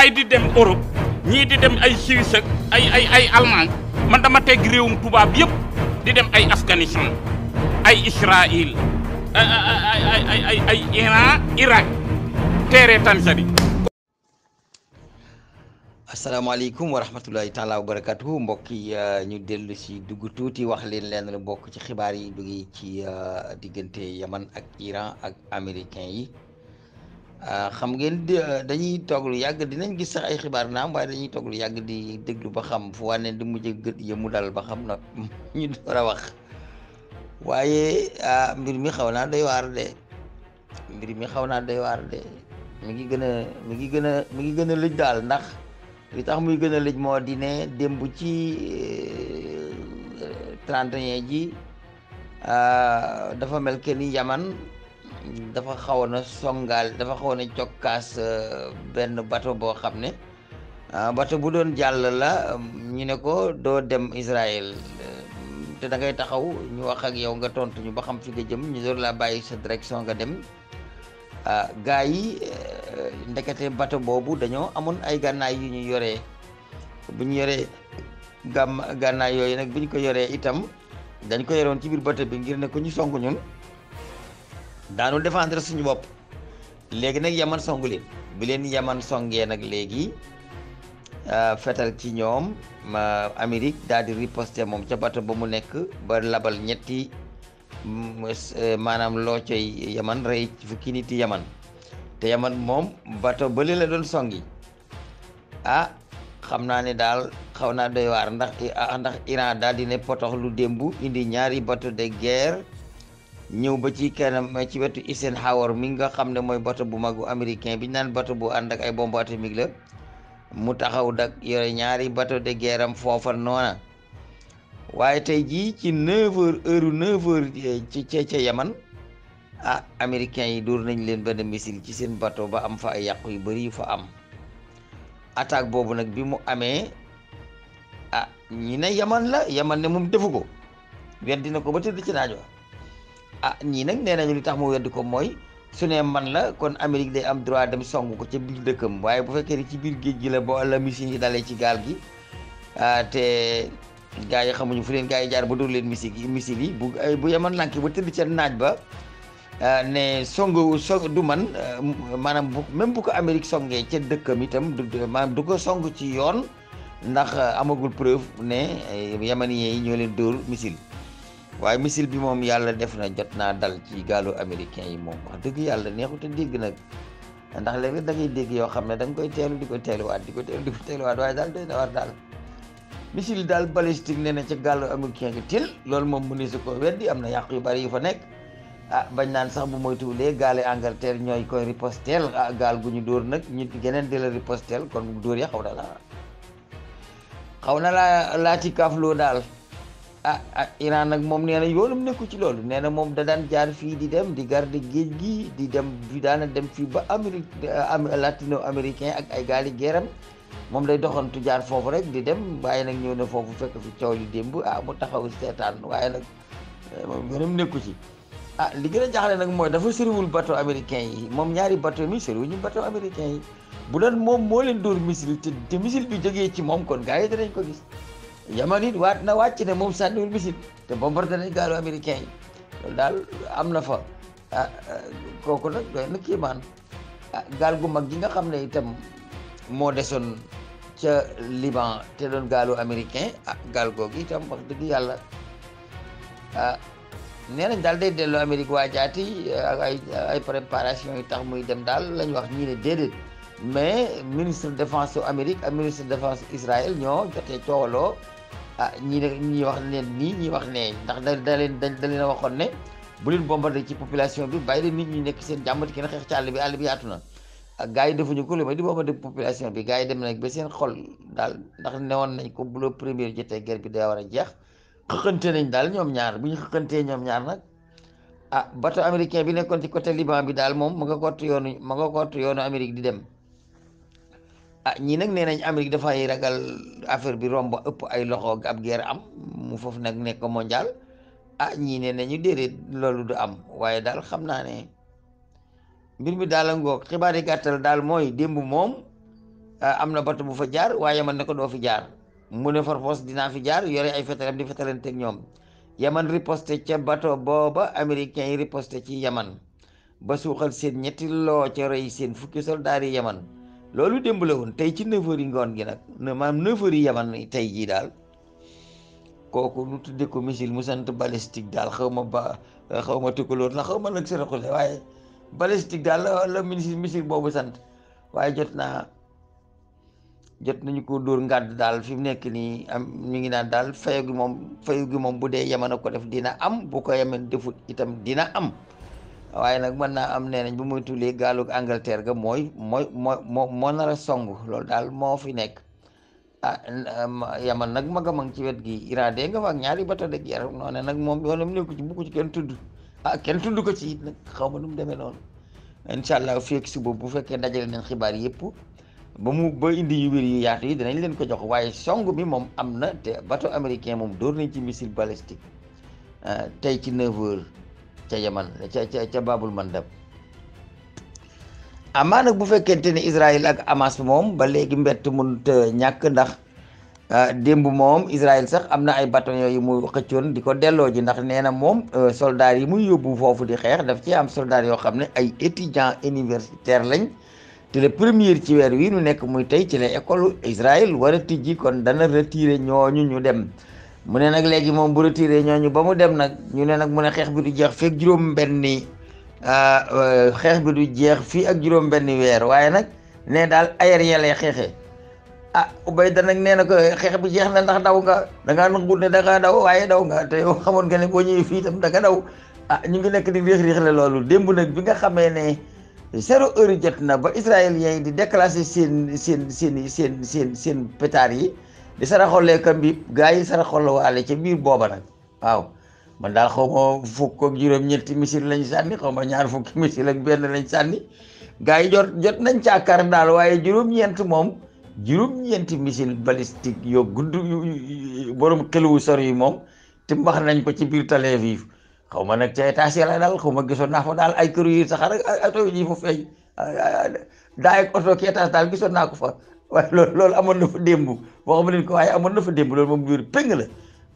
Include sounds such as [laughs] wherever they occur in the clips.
gars yi di dem Europe ñii di dem ay Suisse ay ay man dama teg réewum tubaab yëpp di dem ay Afghanistan ay Israël Iran Irak teere Tanzanie. asalaamaaleykum wa rahmatulahi taala wa barakatuhu mbokk yi euh, ñu dellu si dugg tuuti wax leen leen bokk ci xibaar yi jógee ci euh, diggante Yaman ak Iran ak américain yi. Euh, xam ngeen euh, dañuy toog lu yàgg dinañ gis sax ay xibaar naam waaye dañuy toog yàgg di déglu ba xam fu wànneen di mujj gët yëmu dal ba xam na [laughs] ñu door a wax waaye euh, mbir mi xaw naa doy waar de mbir mi xaw naa doy waar mi ngi gën a mi ngi gën a mi ngi gën a lëj daal ndax li tax muy gën a lëj moo di ne démb ci 31 ji dafa mel ke ni yaman dafa xawoon na songaal dafa xawoon a jokkaas euh, benn bato boo xam ne euh, bato bu doon jàll la euh, ñu ne ko doo dem Israël te dangay taxaw ñu wax ak yow nga tontu ñu ba xam fi nga jëm ñu door laa bàyyi sa direction nga dem gaa yi ndekete bato boobu dañoo amoon ay gànnaay yu ñu yore bu ñu yoree gàmm gànnaay yooyu nag bu ñu ko yoree itam dañ ko yoroon ci biir bato bi ngir ne ku ñu song ñun daanul défendre suñu bopp léegi nag yaman Songguli leen bi yaman Songgi nag legi fetal ci ñoom Amérique daal di riposter moom ca bato ba mu nekk ba labal ñetti maanaam loo yaman rey fukki nit yaman te yaman moom bato beli la doon songi ah xam naa dal daal xaw naa doy waar ndax ndax Iran daal di ne potox lu dembu indi ñaari bato de guerre ñëw ba ci kanam eh, ci wetu Eisenhower mi nga xam ne mooy bato bu magu bu américain bi naan bato bu ànd ak ay bombe atomique la mu taxaw dak yore ñaari bato de guerre am foofa noona waaye tey jii ci 9h heure eh, ci ca ca Yaman a ah, américain yi dóor nañ leen benn missile ci seen bato ba am fa ay yàqu yu bëri yu fa am attaque boobu nag bi mu amee ah ñi ne Yaman la Yaman ne moom defu ko weddi na ko ba tëdd ci naaj ah ñii nag nee nañu li tax moo weddi ko mooy su ne man la kon Amérique day am droit dem song ko ca biir dëkkam waaye bu fekkee ni ci biir géej gi la boo la missile yi dalee ci gaal gi ah, te gars yi xamuñu fu leen gaa yi jaar ba dóor leen missile yi missile yi bu bu yeman lànk ba tëdd ca naaj ba ah, ne song song du man ah, maanaam bu même bu ko Amérique songee ca dëkkam itam du maanaam du ko song ci yoon ndax amagul preuve ne eh, yamaniye yi ñoo leen dóor missile waaye missile bi moom yàlla def na jot naa dal ci gaalu américain yi moom wax dëgg yàlla neexut a dégg nag ndax léegi da ngay dégg yoo xam ne da koy teelu di ko teeluwaat di ko teelu di ko teeluwaat waaye daal doy na war daal missile daal balistique nee na ca gaalu américain gi til loolu moom mu ne su ko weddi am na yàq yu bari yu fa nekk ah bañ naan sax bu moytuwulee gaale Angleterre ñooy koy ripostel ah gaal gu ñu dóor geneen di la ripostel kon dóor ya xaw na laa xaw na laa laati ah ah Iran nag moom nee na yoonam nekku ci loolu nee na moom da daan jaar fii di dem di garde géej gi di dem di daana dem fii ba Amérique latino américain ak ay gaali geeram moom day doxantu jaar foofu rek di dem waaye nag ñëw na foofu fekk fi coow li démb ah mu taxaw seetaan waaye nag eh, moom nekku ci ah li gën a jaaxle nag mooy dafa sëriwul bateau américain yi moom ñaari bateau mi sëriwuñu bateau américain yi bu doon moom moo leen dóor missile te te missile bi jógee ci moom kon gars yi danañ ko gis yaman it waat na wàcc ne moom sànniwul misil te bombardé nañ gaalu américain yi daal am na fa ah, ah kooku nag doy na kiimaan ah, gaal gu mag gi nga xam ne itam moo desoon ca Liban te doon gaalu américain ah gaal googu itam wax dëgg yàlla ah nee nañ daal day delloo Amérique waajaati ak ah, ay ay préparation yi tax muy dem daal lañ wax ñii ne mais ministre défense su Amérique ak ministre défense Israël ñoo jotee coowaloo ah ñii ne ñii wax leen nii ñii wax nee ndax da da leen da leen waxoon ne bu leen bombardé ci population bi bàyyi leen nit ñi nekk seen jàmm di kenn xeex ci bi àll bi yaatu na ak ah, gars yi defuñu ko lu may di bombardé population bi gars yi dem nañ ba seen xol daal ndax newoon nañ ko bu premier jotee guerre bi day war a jeex xëqante nañ daal ñoom ñaar bu ñu xëqantee ñoom ñaar nag ah bateau américain bi nekkoon ci côté Liban bi daal moom ma nga kott yoonu ma nga kott yoonu Amérique di dem ah ñii nag nee nañ Amérique dafay ragal affaire bi romb ëpp ay loxo ab guerre am mu foofu nag nekk mondial a ah, ñii ne nañu déedéet loolu du am waaye daal xam naa ne mbir mi daal a ngoog xibaar yi gàttal daal mooy démb moom ah, am na bato bu fa jaar waaye man ne ko doo fi jaar mu ne farfos dinaa fi jaar yore ay fetalam di ñoom yaman riposte ca bato booba americain yi riposte ci yaman ba suuxal seen ñetti loo ca rey seen fukki soldaari yi yaman loolu démb woon tey ci neuf yi ngoon gi nag ne maanaam neuf heures yi yaman tey jii daal kooku nu tuddee ko missile mu sant balistique daal xaw ma ba xaw ma tukkaloor na xaw ma nag saraxule waaye balistique daal la la missile missile boobu sant waaye jot naa jot nañu ko dóor ngàdd daal fi mu nekk nii am ñu ngi naan daal fayu gi moom fayu moom bu dee yaman ko def dina am bu ko yaman defut itam dina am waaye nag mën naa am nee nañ bu muy tulli gaalug Angleterre ga mooy mooy moo moo moo nar a song loolu daal moo fi nekk ah yaman nag ma ngi ci wet gi iradé nga fa ak ñaari bato de guerre noo ne nag moom yoonam nekku ci bu ci kenn tudd ah kenn ko ci it nag xaw ma nu mu demee noonu incha allah fii ak suba bu fekkee dajale nañ xibaar yëpp ba mu ba indi yaatu yi dinañ leen ko jox waaye song bi moom am na te bateau américain moom dóor nañ ci missile balistique ah, tey ci 9 ca yaman ca ca ca babul mandab amaa nag bu fekkente ne Israël ak Hamas moom ba léegi mbett mu ñàkk ndax ah, démb moom Israël sax am na ay bataillon yu mu xëccoon di ko delloo ji ndax nee na moom euh, soldats yi muy yóbbu foofu di xeex daf ci am soldats yoo xam ne ay étudiants universitaires lañ te le premier ci weer wi nu nekk muy tey ci la école Israël war a tijji kon dana retiré ñooñu ñu dem. mu ne nag léegi moom bu retiré ñooñu ba mu dem nag ñu ne nag mu ne xeex bi du jeex fii ak juróom a ah, euh, xeex bi du jeex fii ak juróom-benni weer waaye nag ne daal aérien lay xeexee a ah, Ubayda nag nee na xeex bi jeex na ndax daw nga da ngaa ne da daw waaye daw nga te yow xamoon nga ne boo ñëwee fii itam da nga daw ah ñu ngi nekk di riix riix la loolu démb nag bi nga xamee ne zéro heure jot na ba israéliens yi di déclasser seen seen seen seen seen seen petaar yi. di saraxolee ka mbiib gaa yi saraxol waale ca biir booba nag waaw man daal xaw ma fukk ak juróom-ñetti misir lañ sànni xaw ma ñaar fukki misir ak benn lañ sànni gaa yi jot jot nañ càkkar daal waaye juróom-ñeent moom juróom-ñeenti missile balistique yoo gudd borom xeluwu sor yi moom te mbax nañ ko ci biir Tel Aviv xaw ma nag ca étage la daal xaw ma gisoon naa fa daal ay kër yu saxar ak oto yi fa feeñ daa ak oto ki daal gisoon naa ko fa waaye [laughs] loolu loolu amoon na fa démb waxuma leen ko waaye amoon na fa démb loolu moom biir péng la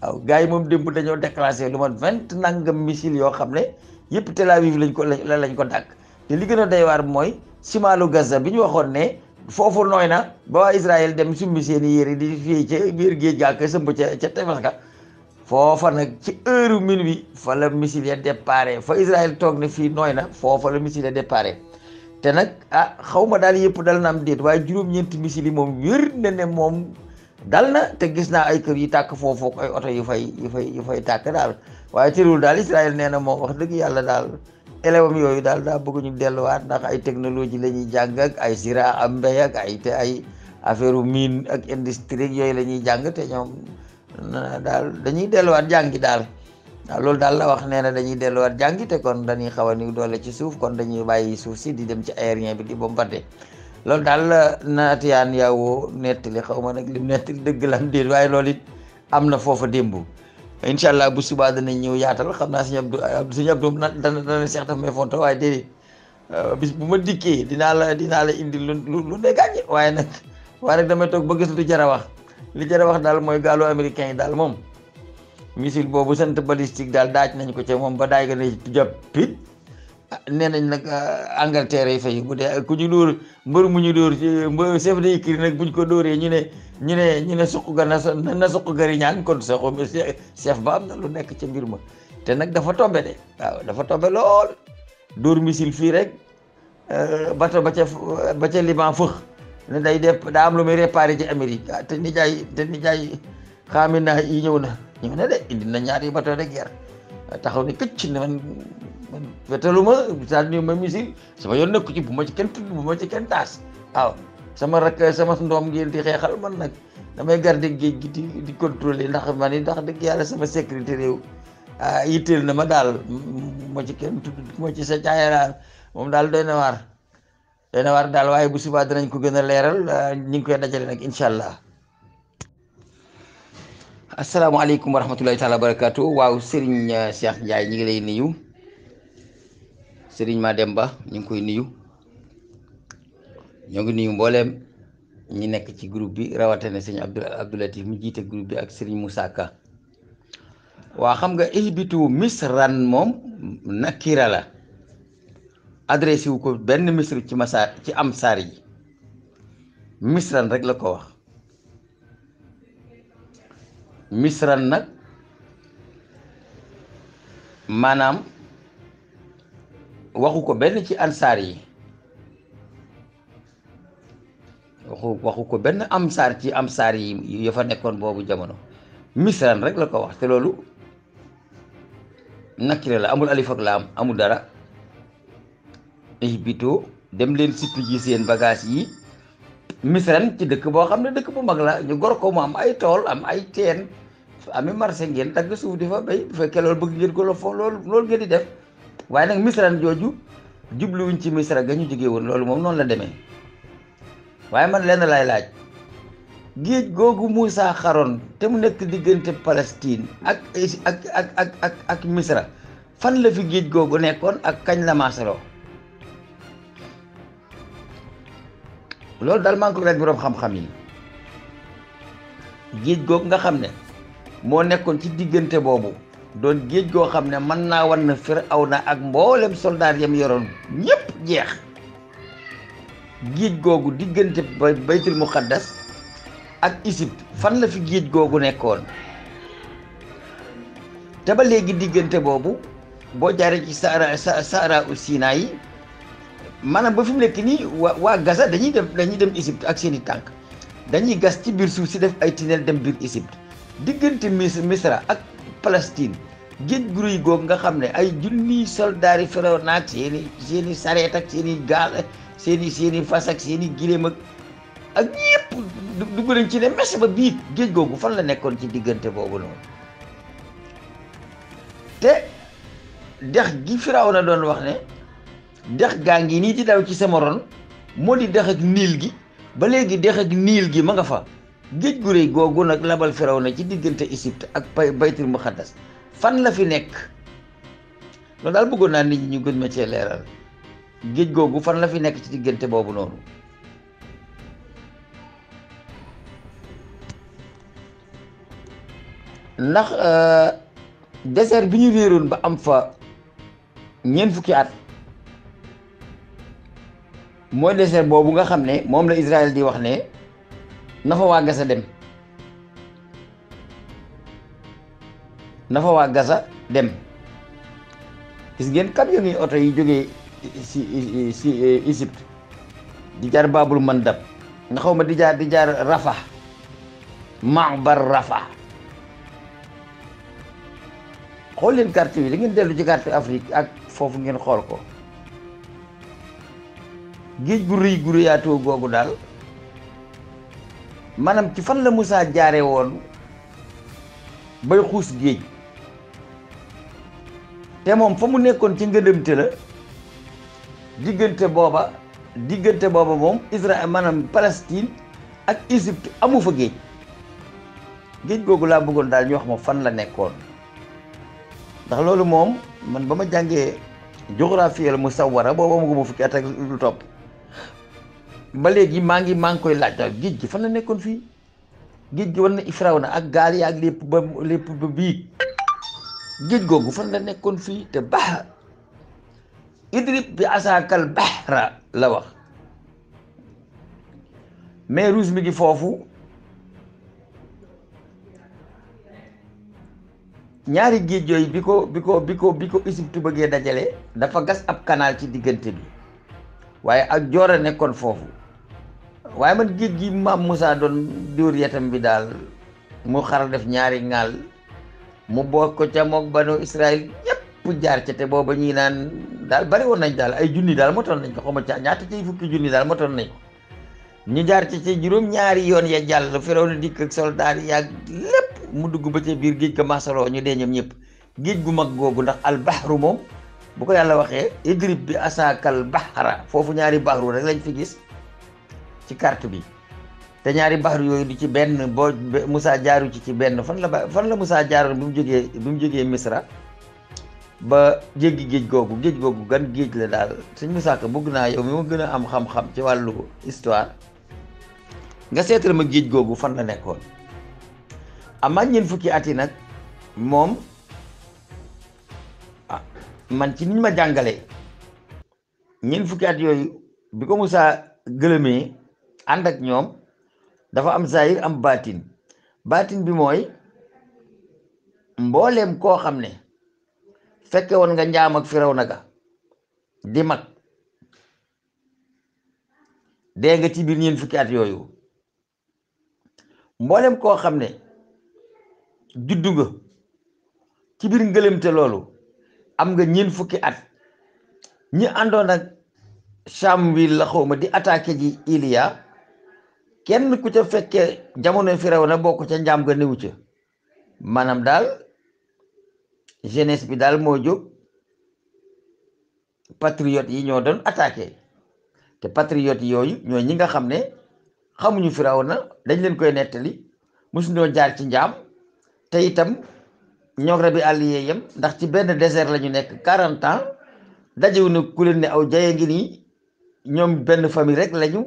waaw gars yi moom démb dañoo déclassé lu man vingt nangam missile yoo xam ne yëpp Tel Aviv lañ ko la lañ ko dàkk te li gën a doy waar mooy simaalu Gaza bi ñu waxoon ne foofu nooy na ba waa Israël dem summi seen i yére di fii ca biir géej gaa ak sëmb ca ca tefes ga foofa nag ci heure minuit fa la missile ya déparé fa Israël toog ne fii nooy na foofa la missile ya déparé te nag ah xaw ma daal yëpp dal na am déet waaye juróom-ñeenti misil yi moom wér na moom dal na te gis naa ay kër yi tàkk foofu ay oto yu fay yu fay yu fay tàkk daal waaye terewul daal Israël nee na moom wax dëgg yàlla daal élèves yooyu daal daa bëgg ñu delluwaat ndax ay technologie la ñuy jàng ak ay siraa am mbéy ay te ay affaire miin ak industrie yooyu la ñuy jàng te ñoom daal dañuy delluwaat jàngi daal. waaw loolu daal la wax nee na dañuy delluwaat jàngite kon dañuy xaw a niw doole ci suuf kon dañuy bàyyi suuf si di dem ci aérien bi di de loolu daal la naatiyaan yawo nettali xaw ma nag lim nettali dëgg la am déet waaye loolu it am na foofa démb incha allah bu subaa danañ ñëw yaatal xam naa suñu abdu suñu abdu dana dana seex daf may fonto waaye déedéet euh, bis bu ma dikkee dinaa la dinaa la indi lu lu ne gàññe waaye nag waaye nag damay toog ba gis lu jar a wax li jar a wax daal mooy gaalu yi daal moom missile boobu sant balistique daal daaj nañ ko ca moom ba daay ga ne ah, nee nañ nag ah, Angleterre yi fay bu dee ku ñu dóor mbër mu ñu dóor mbër chef de écurie nag buñ ko dóoree ñu ne ñu ne ñu ne suq ga na na suq gari ñaan kon sa xom ba am na lu nekk ca mbir ma te nag dafa tombe dafa tombe lool dóor missile fii rek bato euh, ba ba ca Liban fëx day def daa am lu muy réparé ci Amérique ah, te nijaay te nijaay xaami naa yi ñëw na ñu ngi ne de indi na ñaari bateau de guerre taxaw ni këcc ne man man fetaluma États-Unis ma missile sama yoon nekku ci bu ma ci kenn tudd bu ma ci kenn taas waaw sama rakk sama ndoom ngeen di xeexal man nag damay garder géej gi di di contrôler ndax man ni dëgg yàlla sama sécurité réew ah yitteel na ma daal ma ci kenn tudd ci sa caaya moom daal doy na waar doy na waar daal waaye bu subaa dinañ ko gën a leeral ah, ñu ngi koy dajalee nag incha allah asalaamaaleykum wa rahmatullahi taala waaw Serigne uh, Cheikh Ndiaye ñu ngi lay nuyu Serigne Mademba ñu ngi koy nuyu ñoo ngi nuyu mbooleem ñu nekk ci groupe bi rawatina sëñ Abdou Abdoulatif mu jiite groupe bi ak Serigne Moussa waa xam nga ihbitu misran moom nakira la adressé ko benn misr ci masaar ci am saar yi misran rek la ko wax misran nag maanaam waxu ko benn ci ansaar yi waxu waxu ko benn amsaar ci amsaar yi ya fa nekkoon boobu jamono misran rek la ko wax te loolu nakire la amul alif ak laam amul dara ihbitu dem leen sippi ji seen bagage yi misran ci dëkk boo xam ne dëkk bu mag la ñu gor ko mu am ay tool am ay teen ami marché ngeen dagg suuf di fa béy bu fekkee loolu bëgg ngeen ko la foofu loolu loolu ngeen di def waaye nag misran jooju jubluwuñ ci misra ga ñu jógee woon loolu moom noonu la demee waaye man lenn laay laaj géej gogu musa xaroon te mu nekk diggante Palestine ak ak ak ak ak ak misra fan la fi géej googu nekkoon ak kañ la maasaloo loolu daal maa ngi ko laaj borom xam-xam yi nga xam moo nekkoon ci diggante boobu doon géej goo xam ne mën naa wan na Firawna ak mboolem soldaar yam yoroon ñépp jeex géej googu diggante baytul muqaddas ak Égypte fan la fi géej googu nekkoon te ba léegi diggante boobu boo jaaree ci saara saara u Sinaa yi maanaam ba fi mu nekk nii waa waa Gaza dañuy dem dañuy dem Égypte ak seeni tànk dañuy gas ci biir suuf si def ay tunnel dem biir Égypte diggante mis Misra ak Palestine géej guruy googu nga xam ne ay junniy soldaar yi naa ak seeni seeni sareet ak seeni gaal seeni seeni fas ak seeni giléem ak ak ñëpp dugg nañ ci ne mes ba biit géej googu fan la nekkoon ci diggante boobu noonu te dex gi Firawna doon wax ne dex gaa ngi nii di daw ci sama ron moo di dex ak niil gi ba léegi dex ak niil gi ma nga fa géej gu réy googu nag labal firaw na ci diggante Égypte ak baytul muqaddas fan la fi nekk loolu daal bëggoon naa nit ñi ñu gën ma cee leeral géej googu fan la fi nekk ci diggante boobu noonu ndax euh, désert bi ñu réeroon ba am fa ñeent fukki at mooy désert boobu nga xam ne moom la Israël di wax ne na fa waa dem na fa waa dem gis ngeen camion yi oto yi jógee si si Égypte eh, di jaar Babul Mandab nga xaw ma di jaar di jaar Rafah Maabar Rafah xool leen carte bi da ngeen dellu ci carte Afrique ak foofu ngeen xool ko géej gu rëy gu rëyaatoo googu daal maanaam ci fan la Moussa jaare woon bay xuus géej te moom fa mu nekkoon ci ngëdëmte la diggante booba diggante booba moom Israël maanaam Palestine ak Égypte amu fa géej géej googu laa bëggoon daal ñu wax ma fan la nekkoon ndax loolu moom man ba ma jàngee géographie la mu sawara booba ma ko ma fukki at ak lu topp ba léegi maa ngi maa ngi koy laaj daal géej gi fan la nekkoon fii géej gi war na ifraaw na ak gaal yi ak lépp ba lépp ba biig géej googu fan la nekkoon fii te bax idrib bi asaakal baxra la wax mais rouge mi ngi foofu ñaari géej yooyu bi ko bi ko bi ko bi ko Égypte bëggee dajale dafa gas ab kanaal ci diggante bi waaye ak joor a nekkoon foofu waaye man géej gi maam Moussa doon diwr yatam bi daal mu xar def ñaari ŋaal mu boot ko ca moog banu Israël ñëpp jaar ca te booba ñii naan daal bari woon nañ daal ay junni daal motoon nañ ko ma ca ñaata ci fukki junni daal motoon nañ ñu jaar ca ci juróom-ñaari yoon ya jal firaw na dikk ak soldaar yaag lépp mu dugg ba ca biir géej ga masaloo ñu dee ñoom ñëpp géej gu mag Al ndax albahru moom bu ko yàlla waxee idrib bi asakal bahra foofu ñaari bahru rek lañ fi gis ci carte bi te ñaari baxaru yooyu du ci benn boo Moussa jaaru ci ci benn fan la ba fan la musaa jaaroon bi mu jógee bi mu jógee Misra ba jéggi géej googu géej googu gan géej la daal suñ Moussa Ka bëgg naa yow mi ma gën a am xam-xam ci wàllu histoire nga seetal ma géej googu fan la nekkoon amaat ñeent fukki at yi nag moom ah, man ci niñ ma jàngale ñeent fukki at yooyu bi ko Moussa gëlëmee ànd ak ñoom dafa am zahir am baatin baatin bi mooy mbooleem koo xam ne fekke woon nga njaam ak firaw naga di mag dee nga ci biir ñeent fukki at yooyu mboolem koo xam ne juddu nga ci biir ngëlëmte loolu am nga ñeent fukki at ñi àndoon ak Samwil la xawma di attaqué ji ilia kenn ku ca fekkee jamono Firawna bokk ca njaam ga newu ca maanaam daal jeunesse bi daal moo jóg patriote yi ñoo doon attaqué te patriote yooyu ñoo ñi nga xam ne xamuñu na dañ leen koy nettali mosuñoo jaar ci njaam te itam ñoo bi àll yee yem ndax ci benn désert la ñu nekk quarante ans dajewu na ku leen ne aw jaye ngi nii ñoom benn famille rek lañu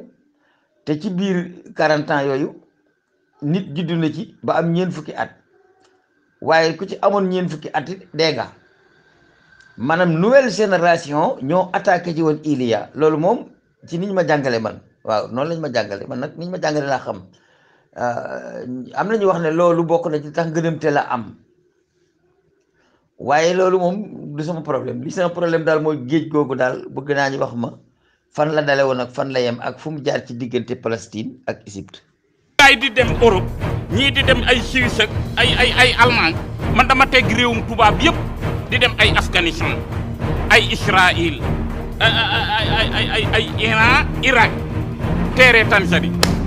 te ci biir 40 yooyu nit juddu na ci ba am ñeen fukki at waaye ku ci amoon ñeen fukki at dee nga maanaam nouvelle génération ñoo attaqué ci woon Iliya loolu moom ci niñ ma jàngale man waaw noonu lañ ma jàngale man nag niñ ma jàngale naa xam euh, am na ñu wax ne loolu bokk na ci tax ngërëmte la am waaye loolu moom du sama problème li sama problème daal mooy géej googu daal bëgg naa ñu wax ma fan la dale woon ak fan la yem ak fu mu jaar ci diggante Palestine ak Égypte gaay di dem Europe ñii di dem ay Suisse ay ay ay man dama teg réewum tubaab yëpp di dem ay Afghanistan ay Israël ay Iran Irak teere Tanzanie